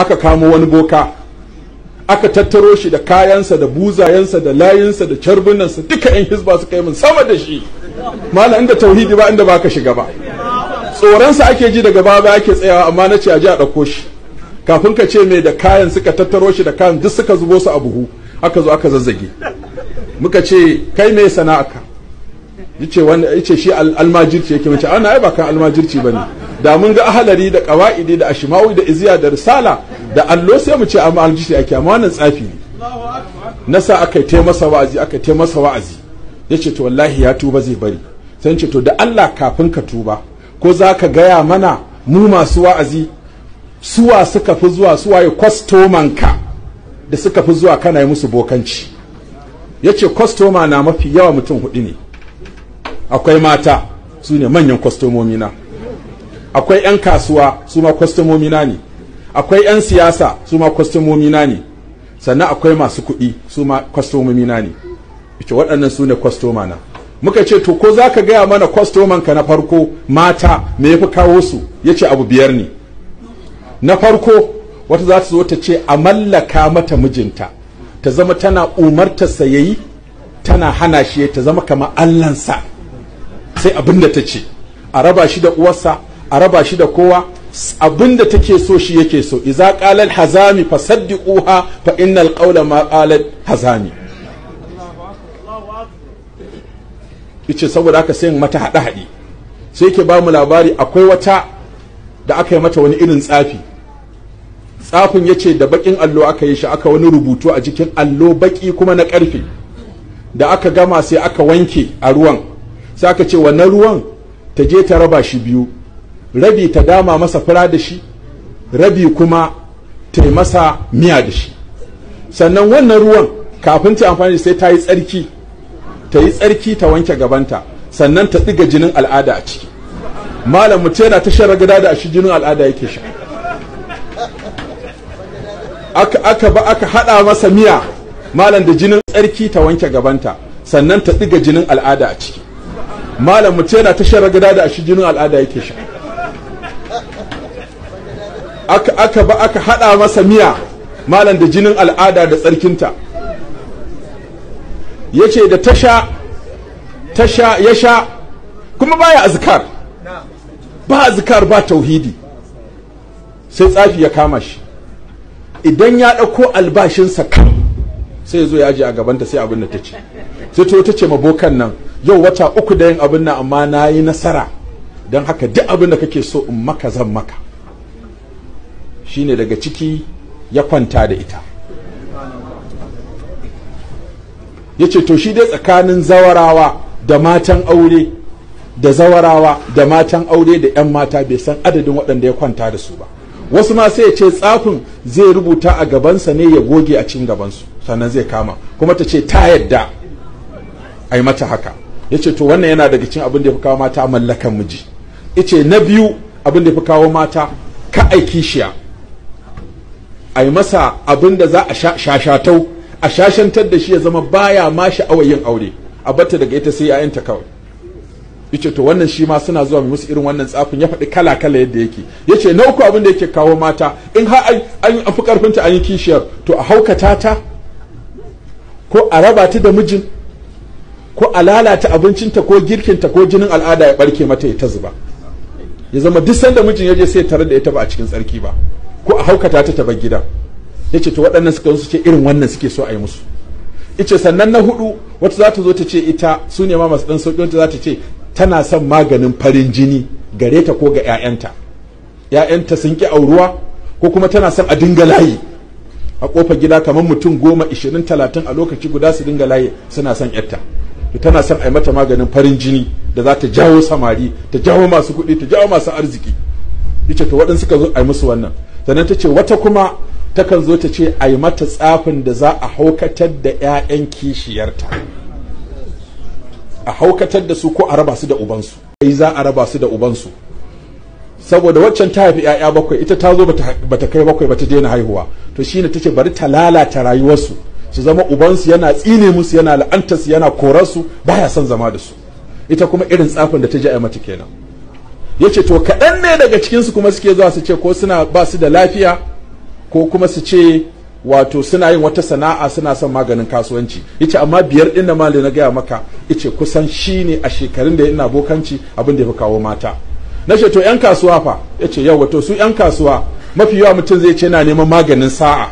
aka kamo wani boka aka tattaro shi da kayansa da buzayensa da layinsa da carbunansa duka 'yan hisba suka yi min sama da shi mala inda tauhidi ba inda baka shiga ba tsoronsa ake ji daga baba ake tsayawa amma na ce a ji a ɗauko shi kafin ka ce mai da kayan suka tattaro shi da kayan duk suka zubo su a buhu aka zo aka zazzage muka ce kai mai sana'a yace wanda yace shi almajirci yake mace ana ai ba kan almajirci bane da mun ga ahalari da kawa'idi da ashima'u da iziya da risala da allo sai mu ce amma aljishi ake amma wannan tsafi ne nasa aka yi masa wa'azi aka yi masa wa'azi ya ce to wallahi ya tuba zai bari sai ce to da Allah kafin ka tuba ko za ka gaya mana mu masu wa'azi suwa suka fi zuwa suwa ya kwastomanka da suka fi zuwa kana yi musu bokanci ya ce kwastoma na mafi yawa mutum hudu ne akwai mata su ne manyan kwastomomi na akwai 'yan kasuwa su ma kwastomomi na ne akwai 'yan siyasa su ma kwastomomi na ne sannan akwai masu kuɗi su ma kwastomomi na ne ita waɗannan su ne kwastoma na muka ce to ko za ka gaya mana kwastoman ka na farko mata me ya fi kawo su ya ce abu biyar ne na farko wata za ta zo ta ce a mallaka mata mijinta ta zama tana umarta sayayi tana hana shi ta zama kamar allansa sai abin da ta ce a raba shi da uwarsa a raba shi da kowa abin da take so shi yake so iza qalal hazami fasaddiquha fa innal qawla ma qalal hazami yace saboda aka sai mata hada hadi sai yake ba mu labari akwai wata da aka yi mata wani irin tsafi tsafin yace da bakin allo aka yi shi aka wani rubutu a jikin allo baki kuma na karfe da aka gama sai aka wanke a ruwan sai aka ce wannan ruwan ta je ta raba shi biyu rabi ta dama masa fura da shi rabi kuma ta masa miya da shi sannan wannan ruwan kafin ta amfani sai ta yi tsarki ta yi tsarki ta wanke gabanta sannan ta tsiga jinin al'ada a ciki malam mutum yana ta shan gada da a shi jinin al'ada yake sha aka aka ba aka hada masa miya malam da jinin tsarki ta wanke gabanta sannan ta tsiga jinin al'ada a ciki malam mutum yana ta shan gada da a shi jinin al'ada yake sha aka aka ba aka hada masa miya malam da jinin al'ada da tsarkinta ya ce da tasha tasha ya sha kuma baya azkar ba azkar ba tauhidi sai tsafi ya kama shi idan ya ɗauko albashinsa kan sai zo ya ji a gabanta sai abin da ta ce sai to ta ce mabokan nan yau wata uku da yin abin nan amma na yi nasara don haka duk abin da kake so in maka zan maka shine daga ciki ya kwanta da ita ya ce to shi dai tsakanin zawarawa da matan aure da zawarawa da matan aure da 'yan mata bai san adadin waɗanda ya kwanta da su ba wasu ma sai ya ce tsafin zai rubuta a gabansa ne ya goge a cin gabansu sannan zai kama kuma ta ce ta yadda a yi mata haka ya ce to wannan yana daga cin abin da ya fi kawo mata mallakan miji ice na biyu abin da ya fi kawo mata ka aiki shiya a yi masa abin da za a shashatau a shashantar da shi ya zama baya ma sha'awar yin aure a batta daga ita sai ya'yanta kawai yace to wannan shi ma suna zuwa musu irin wannan tsafin ya faɗi kala kala yadda yake yace na uku abin da yake kawo mata in har an fi ta an yi kishiyar to a haukata ta ko a raba ta da mijin ko a lalata abincinta ko girkinta ko jinin al'ada ya barke mata ya ta zuba ya zama duk sanda mijin ya je sai tare da ita ba a cikin tsarki ba ko a haukata ta tabar gidan yace to waɗannan suka su ce irin wannan suke so a yi musu yace sannan na hudu wata za ta zo ta ce ita su ne ma masu ɗan sauƙi wata za ta ce tana son maganin farin jini gare ta ko ga 'ya'yanta 'ya'yanta sun ƙi auruwa ko kuma tana son a dinga layi a ƙofar gida kamar mutum goma ishirin talatin a lokaci guda su dinga layi suna son yarta tana son a yi mata maganin farin jini da za ta jawo samari ta jawo masu kuɗi ta jawo masu arziki ita to waɗansu ka zo a yi musu wannan sannan ta ce wata kuma takan zo ta ce a yi mata tsafin da za a haukatar da 'ya'yan kishiyarta a haukatar da su ko a raba su da ubansu ai za a raba su da ubansu saboda waccan ta haifi 'ya'ya bakwai ita ta zo bata kai bakwai ba ta daina haihuwa to shi shine ce bari ta lalata rayuwarsu su zama ubansu yana tsine musu yana la'antarsu yana korarsu baya son zama da su ita kuma irin tsafin da ta ji a mata kenan yace to kaɗan ne daga cikinsu kuma suke zuwa su ce ko suna ba su da lafiya ko kuma su ce wato suna yin wata sana'a suna son maganin kasuwanci yace amma biyar din da mali na gaya maka yace kusan shi ne a shekarun da ina bokanci abin da ya fi kawo mata na ce to yan kasuwa fa yace yau wato su yan kasuwa mafi yawa mutum zai ce yana neman maganin sa'a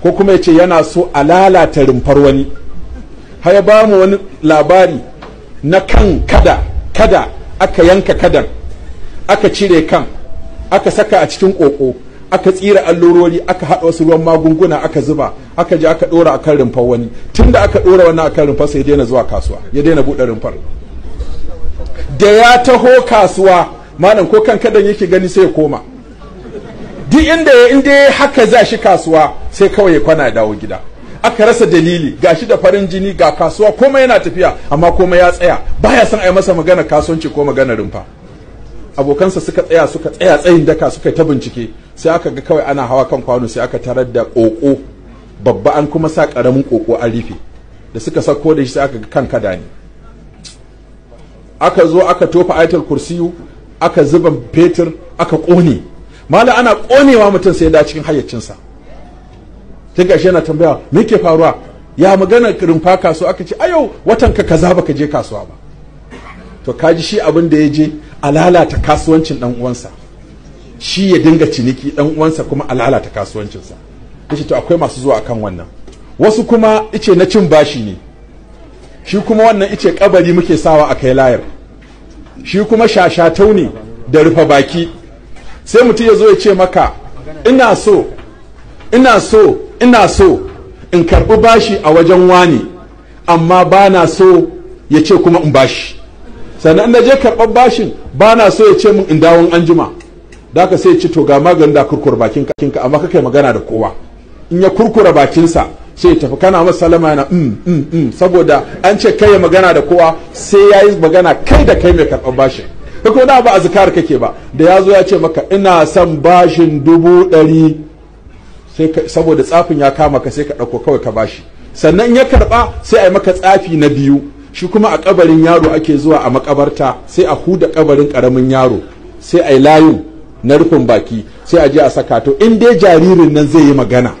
ko kuma yace yana so a lalata rumfar wani ya ba mu wani labari na kan kada kada aka yanka kadan aka cire kan aka saka a cikin ƙoƙo aka tsira allurori aka haɗa wasu ruwan magunguna aka zuba aka je aka ɗora akan rumfar wani tunda aka ɗora wannan akan rumfar sai ya daina zuwa kasuwa ya daina buɗe rumfar da ya taho kasuwa malam ko kan kadan yake gani sai ya koma duk inda ya inda ya haka za shi kasuwa sai kawai ya kwana ya dawo gida aka rasa dalili ga shi da farin jini ga kasuwa komai yana tafiya amma komai ya tsaya baya son a yi masa magana kasuwanci ko magana rumfa abokansa suka tsaya suka tsaya tsayin daka suka yi ta bincike sai aka ga kawai ana hawa kan kwano sai aka tarar da ƙoƙo babba an kuma sa ƙaramin ƙoƙo an rufe da suka sako da shi sai aka ga kan kada ne aka zo aka tofa ayatul kursiyu aka zuba fetur aka ƙone mala ana ƙonewa mutum sai da cikin hayyacinsa ta gashi yana tambaya me ke faruwa ya magana rumfa kasuwa aka ce ayo watan ka kaza baka je kasuwa ba to kaji shi abin da ya je a lalata kasuwancin dan uwansa shi ya dinga ciniki dan uwansa kuma a lalata kasuwancinsa yace to akwai masu zuwa akan wannan wasu kuma ice na cin bashi ne shi kuma wannan ice kabari muke sawa a kai layar shi kuma shashatau ne da rufe baki sai mutum ya zo ya ce maka ina so ina so ina so in karɓi bashi a wajen wani amma ba na so ya ce kuma in bashi sannan na je karɓar bashin ba na so ya ce min in dawon anjima da ka sai ya ci to ga maganin da kurkura bakin ka amma ka kai magana da kowa in ya kurkura bakinsa sai tafi kana masa salama yana mm mm mm saboda an ce kai magana da kowa sai yayi magana kai da kai mai karɓar bashin ko da ba azkar kake ba da yazo ya ce maka ina son bashin dubu ɗari sai saboda tsafin ya kama ka sai ka ɗauko kawai ka bashi sannan in ya karɓa sai a yi maka tsafi na biyu shi kuma a kabarin yaro ake zuwa a makabarta sai a huda kabarin karamin yaro sai a yi layin na rufin baki sai a je a saka to in dai jaririn nan zai yi magana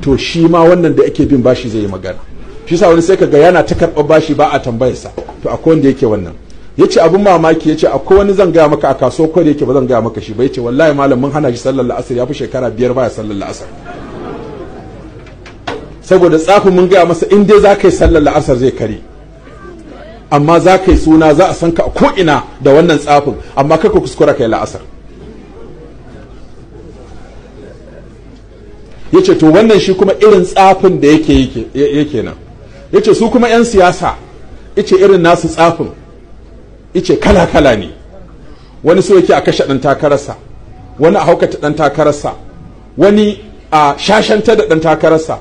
to shi ma wannan da ake bin bashi zai yi magana shi sa wani sai ka ga yana ta karɓar bashi ba a tambayarsa to akwai wanda yake wannan ya ce abin mamaki ya ce akwai wani zan gaya maka a kaso ko da yake ba zan gaya maka shi ba ya ce wallahi malam mun hana shi sallar la'asar ya fi shekara biyar baya sallar la'asar saboda tsafin mun gaya masa in dai za ka yi sallar la'asar zai kare amma za ka yi suna za a san ka a ko'ina da wannan tsafin amma kai ka kuskura ka yi la'asar ya ce to wannan shi kuma irin tsafin da yake nan ya ce su kuma 'yan siyasa ice irin nasu tsafin ice kala-kala ne wani so yake a kashe ɗan takararsa wani a haukata ɗan takararsa wani a shashanta da ɗan takararsa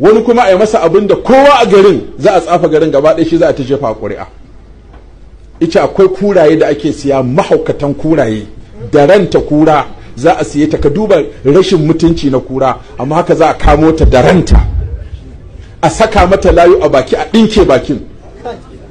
wani kuma a yi masa abin da kowa a garin za a tsafa garin gaba ɗaya shi za a ta jefa a ƙuri'a ita akwai kuraye da ake siya mahaukatan kuraye da ranta kura za a siye ta ka duba rashin mutunci na kura amma haka za a kamo ta da ranta a saka mata layu a baki a ɗinke bakin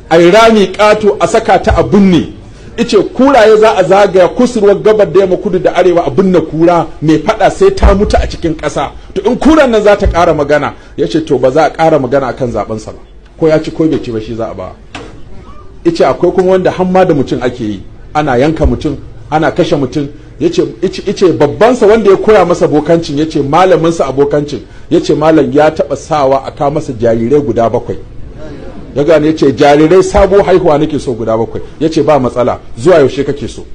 a yi rami ƙato a saka ta a binne ice kuraye za a zagaya kusurwar gabar da yamma kudu da arewa a binne kura mai fada sai ta mutu a cikin ƙasa to in kuran nan za ta ƙara magana ya ce to ba za a ƙara magana akan zaben sa ba ko ya ci ko bai ci ba shi za a ba ice akwai kuma wanda hamma da mutum ake yi ana yanka mutum ana kashe mutum yace ice babbansa wanda ya koya masa bokancin yace sa abokancin yace malam ya taba sawa a ka masa jarirai guda bakwai ya gane ya ce jarirai sabo haihuwa nake so guda bakwai ya ce ba matsala zuwa yaushe kake so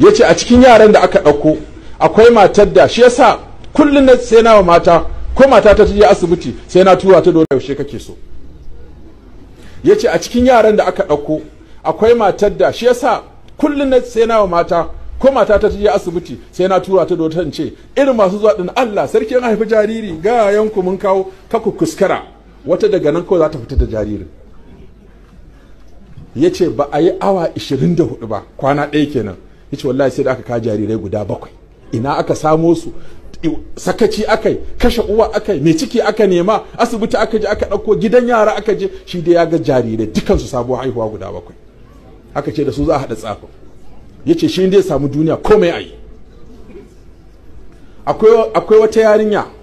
ya ce a cikin yaran da aka ɗauko akwai matar da shi yasa kullum na sai na mata ko mata ta je asibiti sai na tura ta dole yaushe kake so ya ce a cikin yaran da aka ɗauko akwai matar da shi yasa kullum na sai na mata ko mata ta je asibiti sai na tura ta dole ta ce irin masu zuwa ɗin Allah sarki haifi jariri ga yanku mun kawo ka ku kuskara wata daga nan kawai za ta fita da jaririn ya ce ba a yi awa 24 ba kwana ɗaya kenan ya ce wallahi sai da aka kawo jarirai guda bakwai ina aka samo su sakaci aka kashe uwa aka yi mai ciki aka nema asibiti aka je aka ɗauko gidan yara aka je shi dai ya ga jarirai dukansu sabuwar haihuwa guda bakwai aka ce da su za a haɗa tsafin ya ce shi dai samu duniya komai a yi akwai wata yarinya